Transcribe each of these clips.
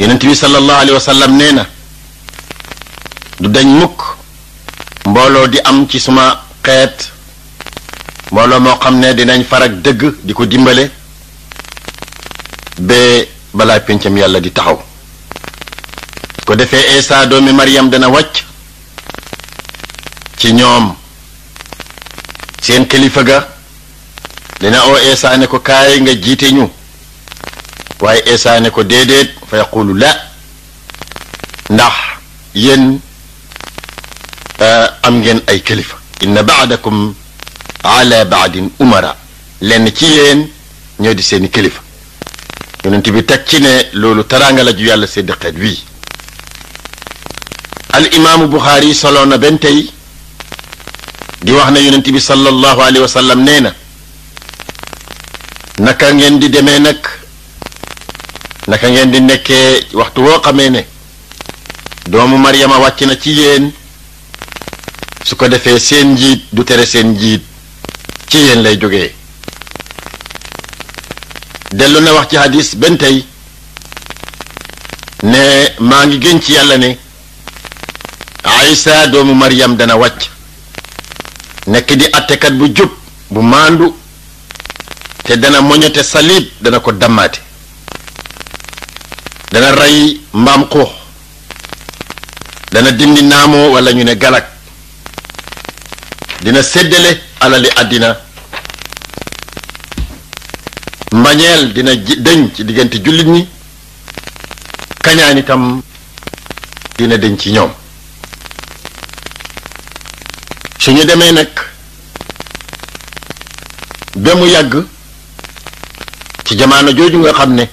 yonent bi sallallahu alayhi wa nee na du dañ mukk mbooloo di am ci suma xeet mbooloo moo xam ne dinañ farak dëgg di ko dimbale ba balaa pencam yàlla di taxaw ko defee Isa doomi Maryam dana wàcc ci ñoom seen kilifa ga dina oo Isa ne ko kaay nga jiite ñu waaye Eesa ko déedéet fa yaqulu la ndax yéen euh, am ngeen ay kilifa inna baadakum ala baadin umara lenn ci yéen ñoo di seeni kilifa yonent bi teg ci ne loolu taraanga ju yàlla sédd xeet wii al imaamu buxaari soloon na benn di wax na yonent bi sallallahu alayhi wa sallam nee na naka ngeen di demee nag naka ngeen di nekkee waxtu woo xamee ne doomu Maryama wàcc na ci yéen su ko defee seen njiit du tere seen njiit ci yéen lay jógee dellu na wax ci hadis benn tey ne maa ngi gën ci yàlla ne Aysa doomu mariyam dana wàcc nekk di attekat bu jub bu maandu te dana moñote salib dana ko dammaate dana rey mbaam xuux dana dindi naamoo wala ñu ne galak dina séddale alali àddina mbañeel dina dëñ ci diggante jullit ni kañaan itam dina dëñ ci ñoom su ñu demee nag ba mu yàgg ci jamaano jooju nga xam ne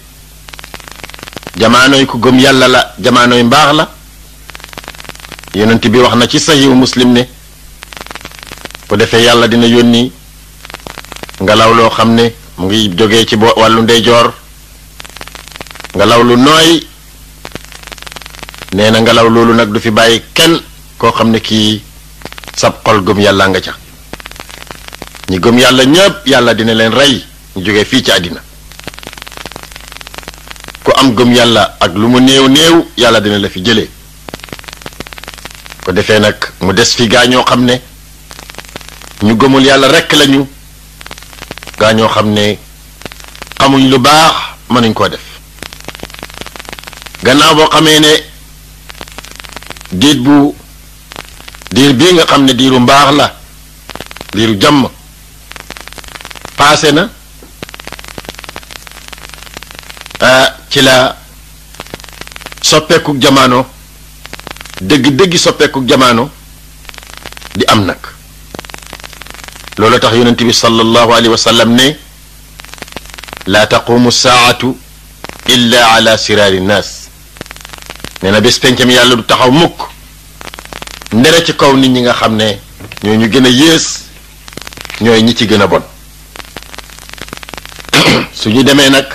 jamaanoy ku gëm yàlla la jamaanoy mbaax la yonent bi wax na ci saxiihu muslim ne bu defee yàlla dina yónni ngelaw loo xam ne mu ngi jóge ci wàllu ndeyjoor ngelaw lu nooy nee na ngelaw loolu nag du fi bàyyi kenn koo xam ne kii sab xol gëm yàlla nga ca ñi gëm yàlla ñépp yàlla dina leen rey ñu jóge fii ci àddina ku am gëm yàlla ak lu mu néew néew yàlla dina la fi jëlee ko defee nag mu des fi gaa ñoo xam ne ñu gëmul yàlla rekk lañu gaa ñoo xam ne xamuñ lu baax mënuñ koo def gannaaw boo xamee ne diit bu diir bii nga xam ne diiru mbaax la diiru jàmm paase na ah, ci la soppeeku jamaano dëgg-dëgg soppeeku jamaano di am nag loolu tax yonent bi sallallahu alayhi wa sallam ne laa taqumu saatu illa ala siraari nnaas nee na bés pencam yàlla du taxaw mukk ndere ci kaw nit ñi nga xam ne ñooy ñu gën a yées ñooy ñi ci gën a bon su ñu demee nag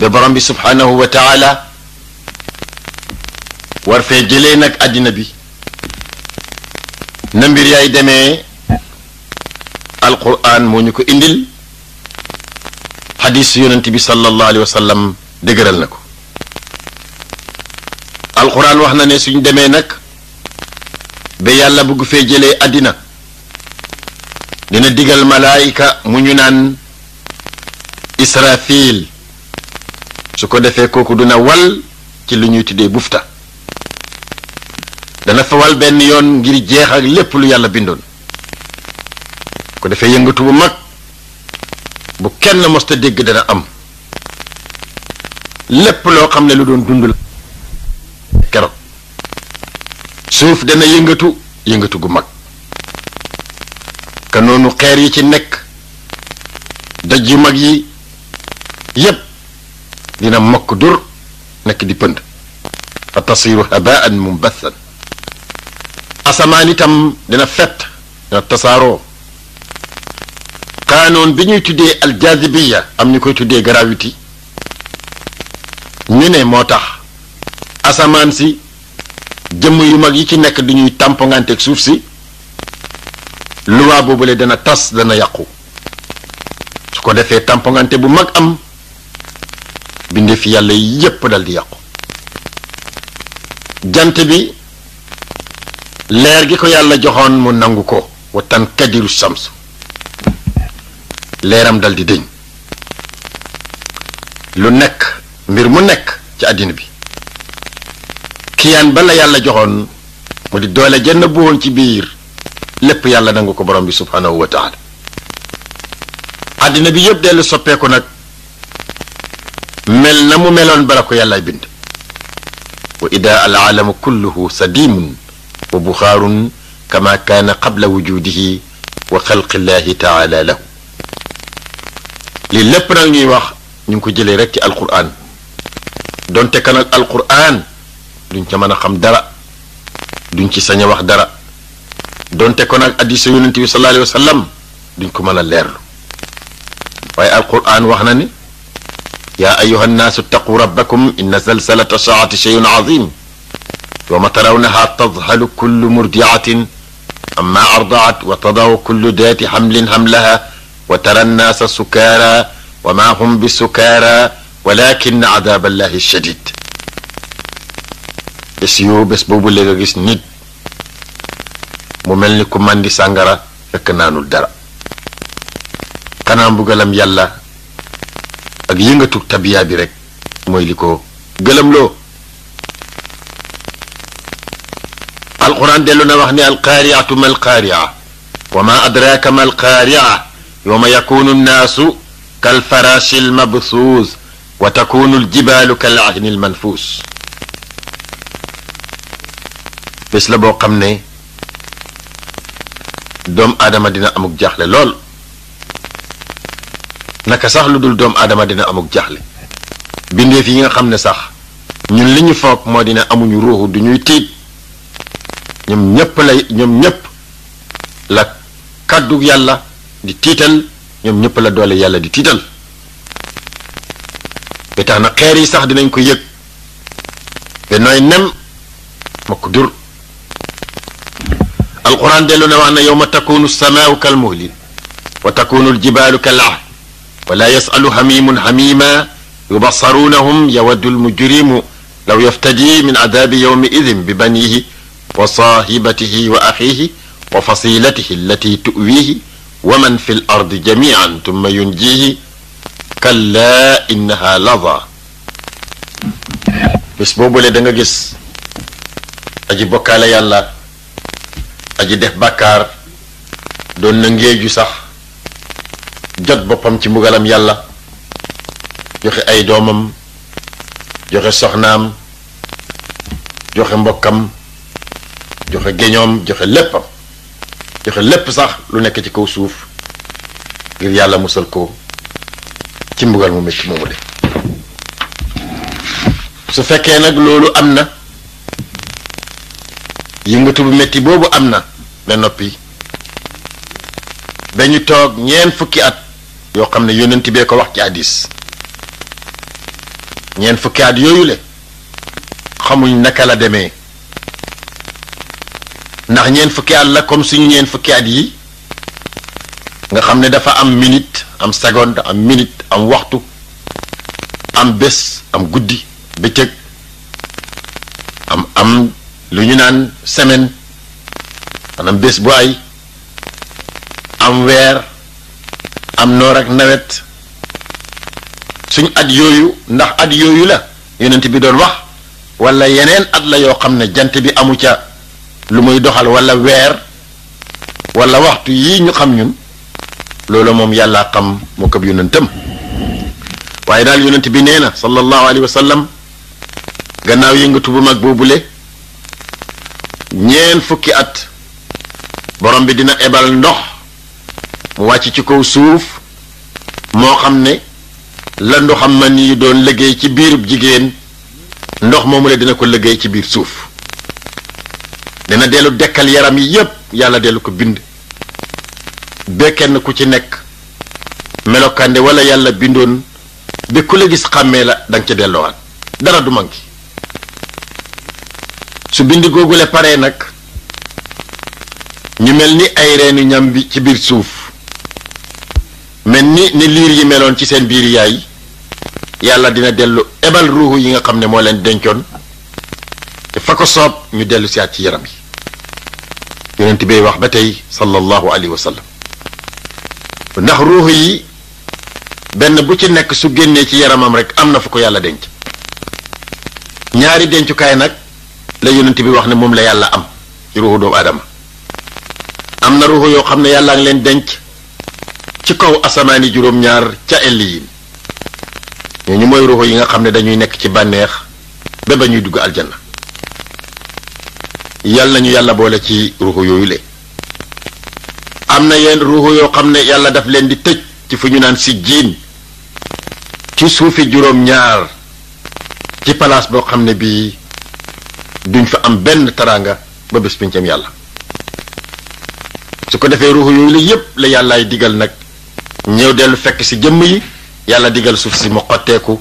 te borom bi subhaanahu wa taala war fee jëlee nag àddina bi na mbir yaay demee alquran moo ñu ko indil xadis yonent bi sallallahu alayhi wa dëgëral na ko alquran wax na ne suñ demee nag ba yàlla bugg fee jële àddina dina digal malaayika mu ñu naan israfil su ko defee kooku dina wal ci lu ñuy tuddee bufta dana fa benn yoon ngir jeex ak lépp lu yàlla bindoon ko defee yëngatu bu mag bu kenn mosta dégg dana am lépp loo xam ne lu doon dund la keroog suuf dana yëngatu yëngatu gu mag ka noonu xeer yi ci nekk daj yu mag yi yépp dina mokk dur nekk di pënd fa tasiru habaan mumbathan asamaan itam dina fett dina tasaaroo kaanoon bi ñuy tuddee aljazibiya am ñu koy tuddee gravité ñu ne moo tax asamaan si jëmm yu mag yi ci nekk du ñuy tàmpanganteeg suuf si luwaa boobule dana tas dana yàqu su ko defee tàmpangante bu mag am bindeef yàlla yépp daldi yàqu jant bi leer gi ko yàlla joxoon mu nangu ko watan kadiru sams leeram daldi deñ lu nekk mbir mu nekk ci àddina bi kiyaan ba la yàlla joxoon mu di doole jenn bu ci biir lépp yàlla nangu ko borom bi subhaanahu wa àddina bi yëpp dellu soppeeku nag mel na mu meloon bala ko yàllaay bind wa ida alaalamu kulluhu sadimun wa buxaarun kama kaana qabla wujudihi wa xalqillahi taala lahu lii lépp nag ñuy wax ñu ko jëlee rek ci alquran donte ka nag alquran duñ ca mën a xam dara duñ ci sañ a wax dara donte kon nag addisa yonente bi sallallahu alayhi wa sallam duñ ko mën a leerlu waaye alquran wax na ni yaa ayuha nnaasu ittaquu rabbakum inna zalzalata saati sheyun azim yowma tarawnaha tadhalu kullu murdiatin amma ardaat wa tadaw kullu daati xamlin xamlaha wa tara nnaasa sukaara wa maa hum bi sukaara walakin adaab allahi shadid bés yu bés boobu léegi gis nit mu mel ni ku màndi sàngara fekk naanul dara kanaa mbugalam yàlla ak yëngatu tabiya bi rek mooy li ko gëlëmloo alquran dellu na wax ne alqaariatu ma alqaaria wa ma adraka ma alqaaria yowma yakunu nnaasu kalfarashi almabsuus wa takunu aljibaalu kalahni almanfuus bés la boo xam ne doomu aadama dina amuk jaaxle lool naka sax lu dul doomu aadama dina amuk jaaxle bindéef yi nga xam ne sax ñun li ñu foog moo dina amuñu ruuxu du ñuy tiit ñoom ñépp la ñoom ñépp la kàddu yàlla di tiital ñoom ñépp la doole yàlla di tiital ba tax na xeer yi sax dinañ ko yëg ba nooy nem ma ko dur alquran dellu na wax na yow ma takunu samaau kal muhli wa takunu aljibaalu kal ahd wala yasalu hamimun hamima yubasarunahum yawaddu almujrimu law yaftadi min adabi yawmi idin bi banihi wa sahibatihi wa axihi wa fasilatihi allati tuwihi wa man fi l ardi jamian tumma yunjihi kalla innaha lada bés boobule da nga gis aji bokkaale yàlla aji def bàkkaar doon na ngeeju sax jot boppam ci mbugalam yàlla joxe ay doomam joxe soxnaam joxe mbokkam joxe géñoom joxe léppam joxe lépp sax lu nekk ci kaw suuf ngir yàlla musal ko ci mbugal mu métti moomu de su fekkee nag loolu am na yëngatu bu métti boobu am na ba noppi ba ñu toog ñeen fukki at yoo xam ne yónnent bee ko wax ci hadis ñeent fukki at yooyu le xamuñ naka la demee ndax ñeent fukki at la comme suñu ñeent fukki at yi nga xam ne dafa am minute am seconde am minute am waxtu am bés am guddi bëccëg am am lu ñu naan semaine maanaam bés bu ay am weer am noor ak nawet suñ at yooyu ndax at yooyu la yonent bi doon wax walla yeneen at la yoo xam ne jant bi amu ca lu muy doxal walla weer wala waxtu yii ñu xam ñun loolu moom yàlla xam moo ko yonentam waaye daal yonent bi nee na sallallahu alayhi wa gannaaw yëngatu bu mag boobule ñeen fukki at borom bi dina ebal ndox mu wàcc ci kaw suuf moo xam ne la xam man ni doon liggéey ci biirub jigéen ndox moomu la dina ko liggéey ci biir suuf dina dellu dekkal yaram yi yépp yàlla dellu ko bind ba kenn ku ci nekk melokande wala yàlla bindoon bi ku la gis xàmmee la danga ca delloowaat dara du manqué su bind googule paree nag ñu mel ni ay reenu ñam bi ci biir suuf ni ni liir yi meloon ci seen biir yaay yàlla dina dellu ebal ruuxu yi nga xam ne moo leen dencoon te fa ko soob ñu dellu siyaat ci yaram yi yonent bay wax ba tey sallallahu alayhi wa sallam ndax ruuxu yi benn bu ci nekk su génnee ci yaramam rek am na fu ko yàlla denc ñaari dencukaay nag la yonent bi wax ne moom la yàlla am ci ruuxu doomu aadama am na ruuxu yoo xam ne yàlla ngi leen denc ci kaw asamaani juróom-ñaar ca elliyin ñooñu mooy ruuxu yi nga xam ne dañuy nekk ci bànneex ba ñuy dugg aljanna yal ñu yàlla boole ci ruuxu yooyu le am na yenn ruuxu yoo xam ne yàlla daf leen di tëj ci fu ñu naan si jiin ci suufi juróom-ñaar ci palaas boo xam ne bii duñ fa am benn taraanga ba bés pincam yàlla su ko defee ruuxu yooyu la yépp la yàllaay digal nag ñëw dellu fekk si jëmm yi yàlla digal suuf si mu xotteeku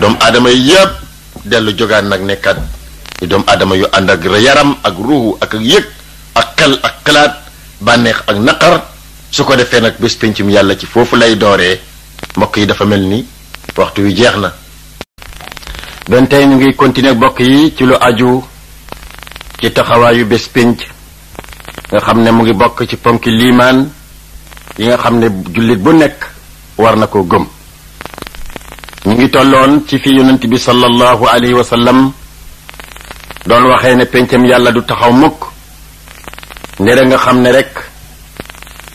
doomu aadama yi yëpp dellu jogaan nag nekkaat ñu doomu aadama yu ànd ak yaram ak ruuxu ak ak yëg ak xel ak xalaat bànneex ak naqar su ko defee nag bés pencum yàlla ci foofu lay dooree mbokk yi dafa mel ni waxtu wi jeex na benn tey ñu ngi continuer bokk yi ci lu aju ci taxawaayu bés penc nga xam ne mu ngi bokk ci ponki liimaan yi nga xam ne jullit bu nekk war na ko gëm ñu ngi tolloon ci fi yonent bi sallallahu alayhi wa sallam doon waxee ne pencam yàlla du taxaw mukk ndere nga xam ne rek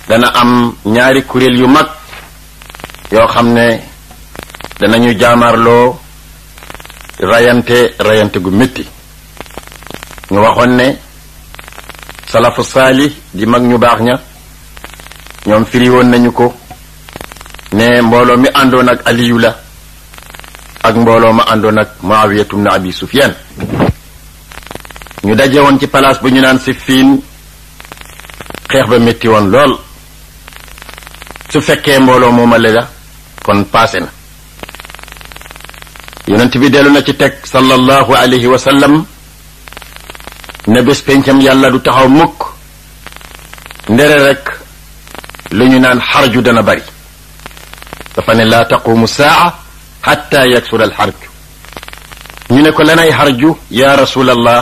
dana am ñaari kuréel yu mag yoo xam ne dana danañu jaamaarloo rayante rayante gu metti ñu waxoon ne salafu saali di mag ñu baax ña ñoom firi woon nañu ko ne mbooloo mi àndoon ak aliyu la ak mbooloo ma àndoon ak muawiyatu na abi sufyan ñu daje woon ci palaas bu ñu naan si fiin xeex ba metti woon lool su fekkee mbooloo moomale la kon paase na yonent bi dellu na ci teg sallallahu alayhi wa sallam ne bés pencam yàlla du taxaw mukk ndere rek lu ñu naan xarju dana bari dafa ne laa taqumu saa xatta yaksura al xarju ñu ne ko lanay xarju ya rasulallah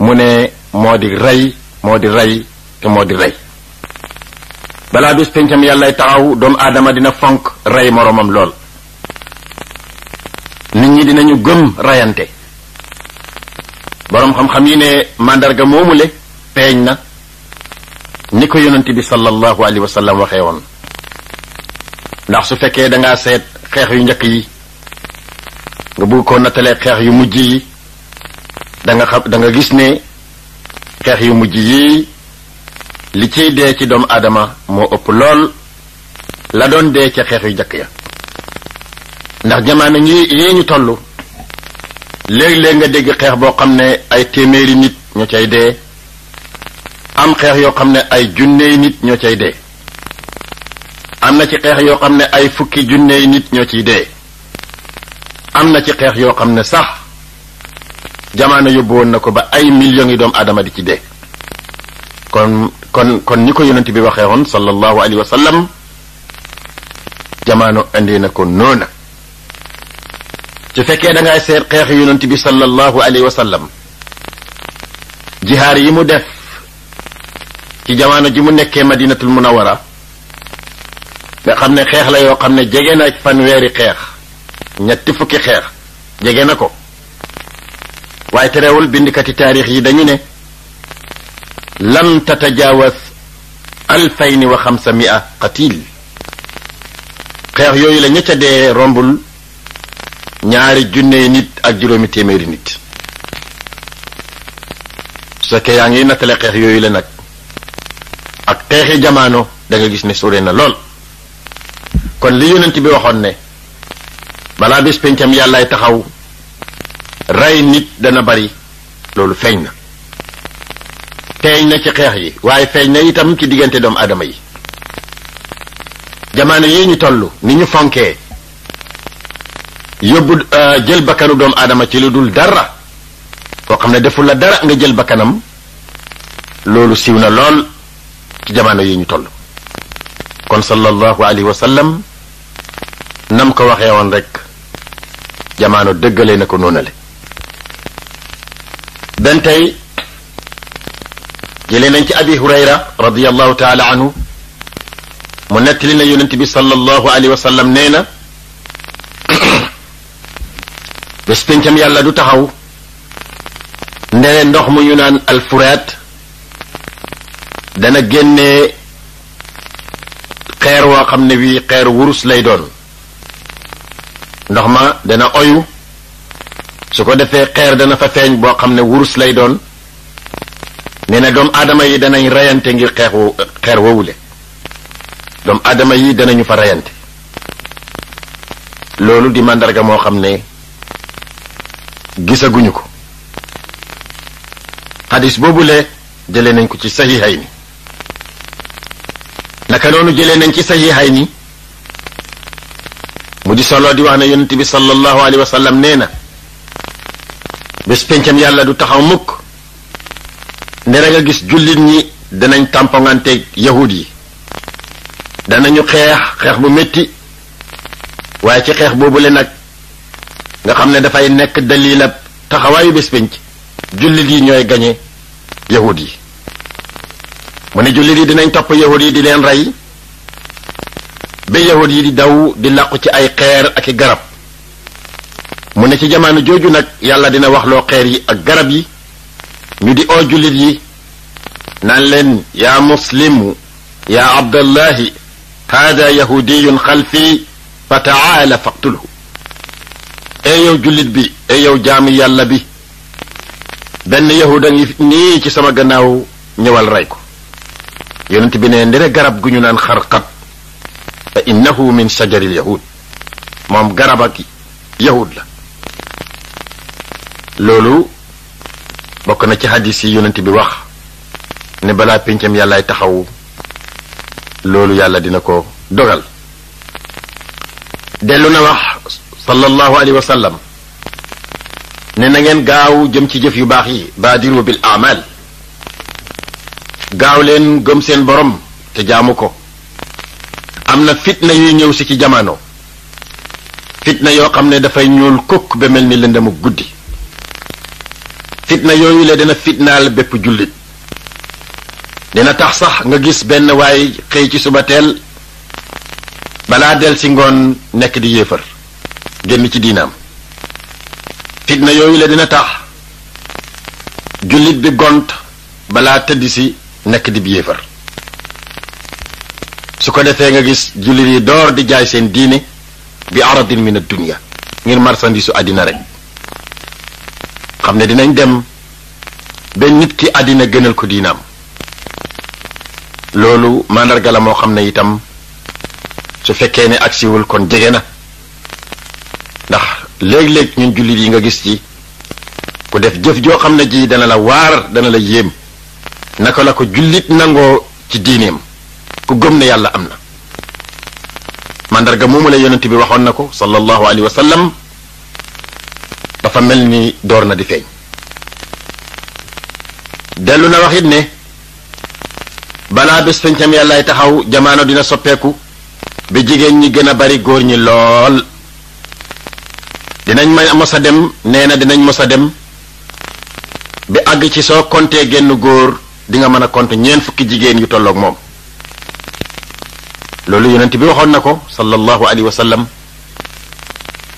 mu ne moo di rey moo di rey te moo di rey balaa bis pencam yàllay taxaw doomu aadama dina fonk rey moroomam lool nit ñi dinañu gëm reyante boroom xam-xam yi ne màndarga le feeñ na ni ko yonent bi sallallahu alayhi wa sallam waxee woon ndax su fekkee danga seet xeex yu njëkk yi nga bëgg ko nattalee xeex yu mujj yi da nga xam da gis ne xeex yu mujj yi li ciy dee ci doomu aadama moo ëpp lool la doon dee ca xeex yu njëkk ya ndax jamano ñi ñu toll léeg-léeg nga dégg xeex boo xam ne ay téeméeri nit ñu cay dee am xeex yoo xam ne ay junney nit ñoo cay dee am na ci xeex yoo xam ne ay fukki junney nit ñoo ciy dee am na ci xeex yoo xam ne sax jamaano yóbbu woon na ko ba ay millions yi doomu aadama di ci dee kon kon kon ni ko yonent bi waxee woon sallallahu alayhi wa sallam jamaano indi na ko noona ci fekkee da ngay seet xeex yonent bi sallallahu alayhi wa sallam jihaar yi mu def ci jamono ji mu nekkee madinatul munawara nga xam ne xeex la yoo xam ne jege na ak fanweeri xeex ñetti fukki xeex jege na ko waaye terewul bindkati taarix yi dañu ne lam tatajawas alfayni wa xamsa mia qatil xeex yooyu la ña ca dee rombul ñaari junne nit ak juróomi téeméeri nit su fekkee yaa ngi nattale xeex yooyu la nag xeexi jamaano da gis ne sore na lool kon li yonent bi waxoon ne balaa bés pencam yàllaay taxaw rey nit dana bari loolu feeñ na feeñ na ci xeex yi waaye feeñ na itam ci diggante doomu aadama yi jamaano yi ñu toll ni ñu fonkee yóbbu euh, jël bakkanu doomu aadama ci lu dul dara koo xam ne deful la dara nga jël bakkanam loolu siiw na lool ci jamono yi ñu toll kon sallallahu alayhi wa nam ko waxee woon rek jamono dëggale na ko noonale ben tey jëlee nañ ci abi hurayra radiallahu taala anhu mu nettali na yonent bi sallallahu alayhi wa sallam na bés pencam yàlla du taxaw ndere ndox mu ñu naan alfuraat dana génne xeer woo xam ne wii xeer wurus lay doon ndox ma dana oyu su ko defee xeer dana fa feeñ boo xam ne wurus lay doon nee na doomu aadama yi danañ reyante ngir xeexu xeer wowule doomu adama yi danañu fa reyante loolu di màndarga moo xam ne gisaguñu ko xadis boobule jëlee nañ ko ci saxiixayni naka noonu jëlee nañ ci saxiixay ni mu di solo di wax na yonent bi sallallahu alayhi wa sallam nee na bés pencam yàlla du taxaw mukk ne nga gis jullit ñi danañ tàmpanganteeg yahud yi danañu xeex xeex bu metti waaye ci xeex boobule nag nga xam ne dafay nekk dalilab taxawaayu bés penc jullit yi ñooy gañe yahud yi mu ne jullit yi dinañ topp yahud yi di leen rey ba yahud yi di daw di làqu ci ay xeer ak i garab mu ne ci jamono jooju nag yàlla dina waxloo xeer yi ak garab yi ñu di oo jullit yi naan leen yaa muslimu yaa abdallahi haada yahudiyun xalfi fa taala faqtulhu ee yow jullit bi ee yow jaamu yàlla bi benn yahuda ngi nii ci sama gannaaw ñëwal rey ko yonent bi ne ndere garab gu ñu naan xarqat fa innahu min shajaril yahud moom garab ak yahud la loolu bokk na ci xadis yi yonent bi wax ne balaa péncam yàllaay taxaw loolu yàlla dina ko dogal dellu na wax sallallahu alayhi wa sallam ne na ngeen gaaw jëm ci jëf yu baax yi baadiru bil amal gaaw leen gëm seen borom te jaamu ko am na fitna yuy ñëw si ci jamono fitna yoo xam ne dafay ñuul kukk ba ni lëndëmu guddi fitna yooyu la dina fitnaal bépp jullit dina tax sax nga gis benn waay xëy ci suba teel balaa dell si ngoon nekk di yéefar génn ci diinaam fitna yooyu la dina tax jullit bi gont balaa tëdd si nekk di yéefar su ko defee nga gis jullit yi door di jaay seen diine bi aradin min ad-dunya ngir marsandisu àddina rek xam ne dinañ dem ba nit ki àddina gënal ko diinam loolu mandarga la moo xam ne itam su fekkee ne agsiwul kon jege na ndax léeg-léeg ñun jullit yi nga gis ci ku def jëf joo xam ne ji dana la waar dana la yéem naka la ko jullit nangoo ci diineem ku gëm na yàlla am na màndarga moomu la yonent bi waxoon na ko sallallahu alayhi wa sallam dafa mel ni door na di feeñ dellu na waxit ne balaa bés fencam yàllaay taxaw jamaano dina soppeeku ba jigéen ñi gën a bari góor ñi lool dinañ ma mos a dem nee na dinañ mos a dem bi àgg ci soo kontee genn góor di nga mën a compter ñeent fukki jigéen yu tollook moom loolu yonent bi waxoon na ko sallallahu alayhi wa sallam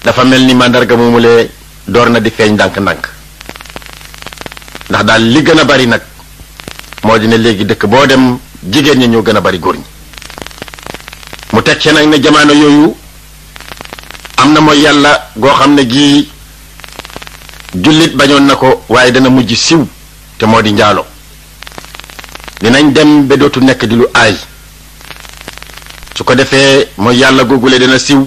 dafa mel ni màndarga moomulee door na di feeñ ndànk-ndànk ndax daal li gën a bari nag moo di ne léegi dëkk boo dem jigéen ñi ñoo gën a bari góor ñi mu teg ci nag ne jamono yooyu am na mooy yàlla goo xam ne gii jullit bañoon na ko waaye dana mujj siw te moo di njaaloo dinañ dem ba dootu nekk di lu aay su ko defee mooy yàlla googule dina siw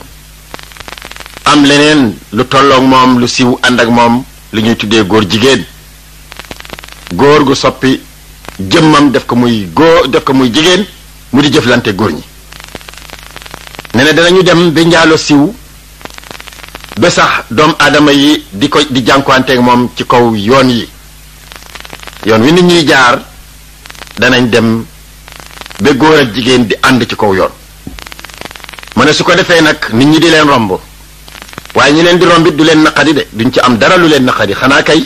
am leneen lu tolloog moom lu siw ànd ak moom lu ñuy tuddee góor jigéen góor gu soppi jëmmam def ko muy góor def ko muy jigéen mu di jëflante góor ñi nee na danañu dem ba njaaloo siw ba sax doomu aadama yi di ko di jànkuwanteeg moom ci kaw yoon yi yoon wi nit ñuy jaar danañ dem ba góor jigéen di ànd ci kaw yoon mu ne su ko defee nag nit ñi di leen romb waaye ñi leen di rombit du leen naqari de duñ ci am dara lu leen naqari xanaa kay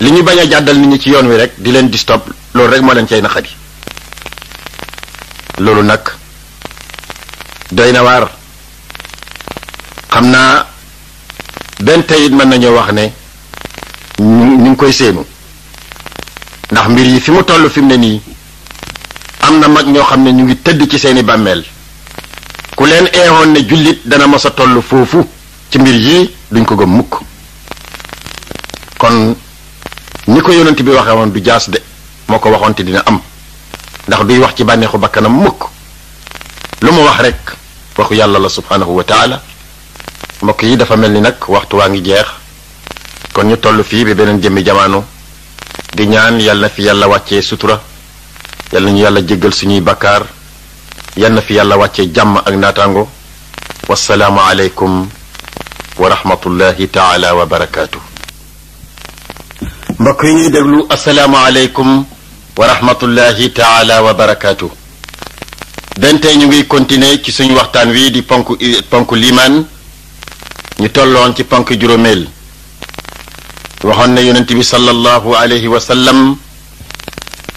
li ñu bañ a jàddal nit ñi ci yoon wi rek di leen di loolu rek moo leen cay naqari loolu nag doy na waar xam naa benn teyit mën nañoo wax ne ñu ngi koy séenu ndax mbir yi fi mu toll fi mu ne nii am na mag ñoo xam ne ñu ngi tëdd ci seeni bàmmeel ku leen eewoon ne jullit dana mos a toll foofu ci mbir yi duñ ko gëm mukk kon ni ko yonent bi waxee woon du jaas de moo ko waxoon te dina am ndax duy wax ci bànneexu bakkanam mukk lu mu wax rek waxu yàlla la subhanahu wa mbokk yi dafa mel ni nag waxtu waa ngi jeex kon ñu toll fii bi beneen jëmmi jamaano di ñaan yal na fi yàlla wàcce sutura yal na ñu yàlla jéggal suñuy bakkaar yal na fi yàlla wàcce jàmm ak naataango wasalaamu wa rahmatullahi taala wa barakaatu. mbokk yi ñuy déglu asalaamu aleykum wa rahmatullahi taala wa barakaatu. dentey ñu ngi continuer ci suñu waxtaan wi di ponk liimaan ñu tolloon ci ponk juróomeel waxoon na yonent bi sallallahu alayhi wa sallam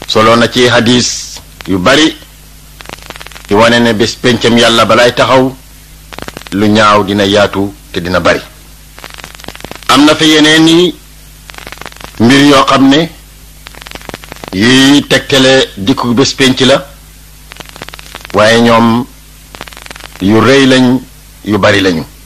solo na ci hadis yu bari di wane ne bés pencam yàlla balaay taxaw lu ñaaw dina yaatu te dina bari am na fa yeneen i mbir yoo xam ne yi tegtale dikku bés penc la waaye ñoom yu rëy lañ yu bari lañu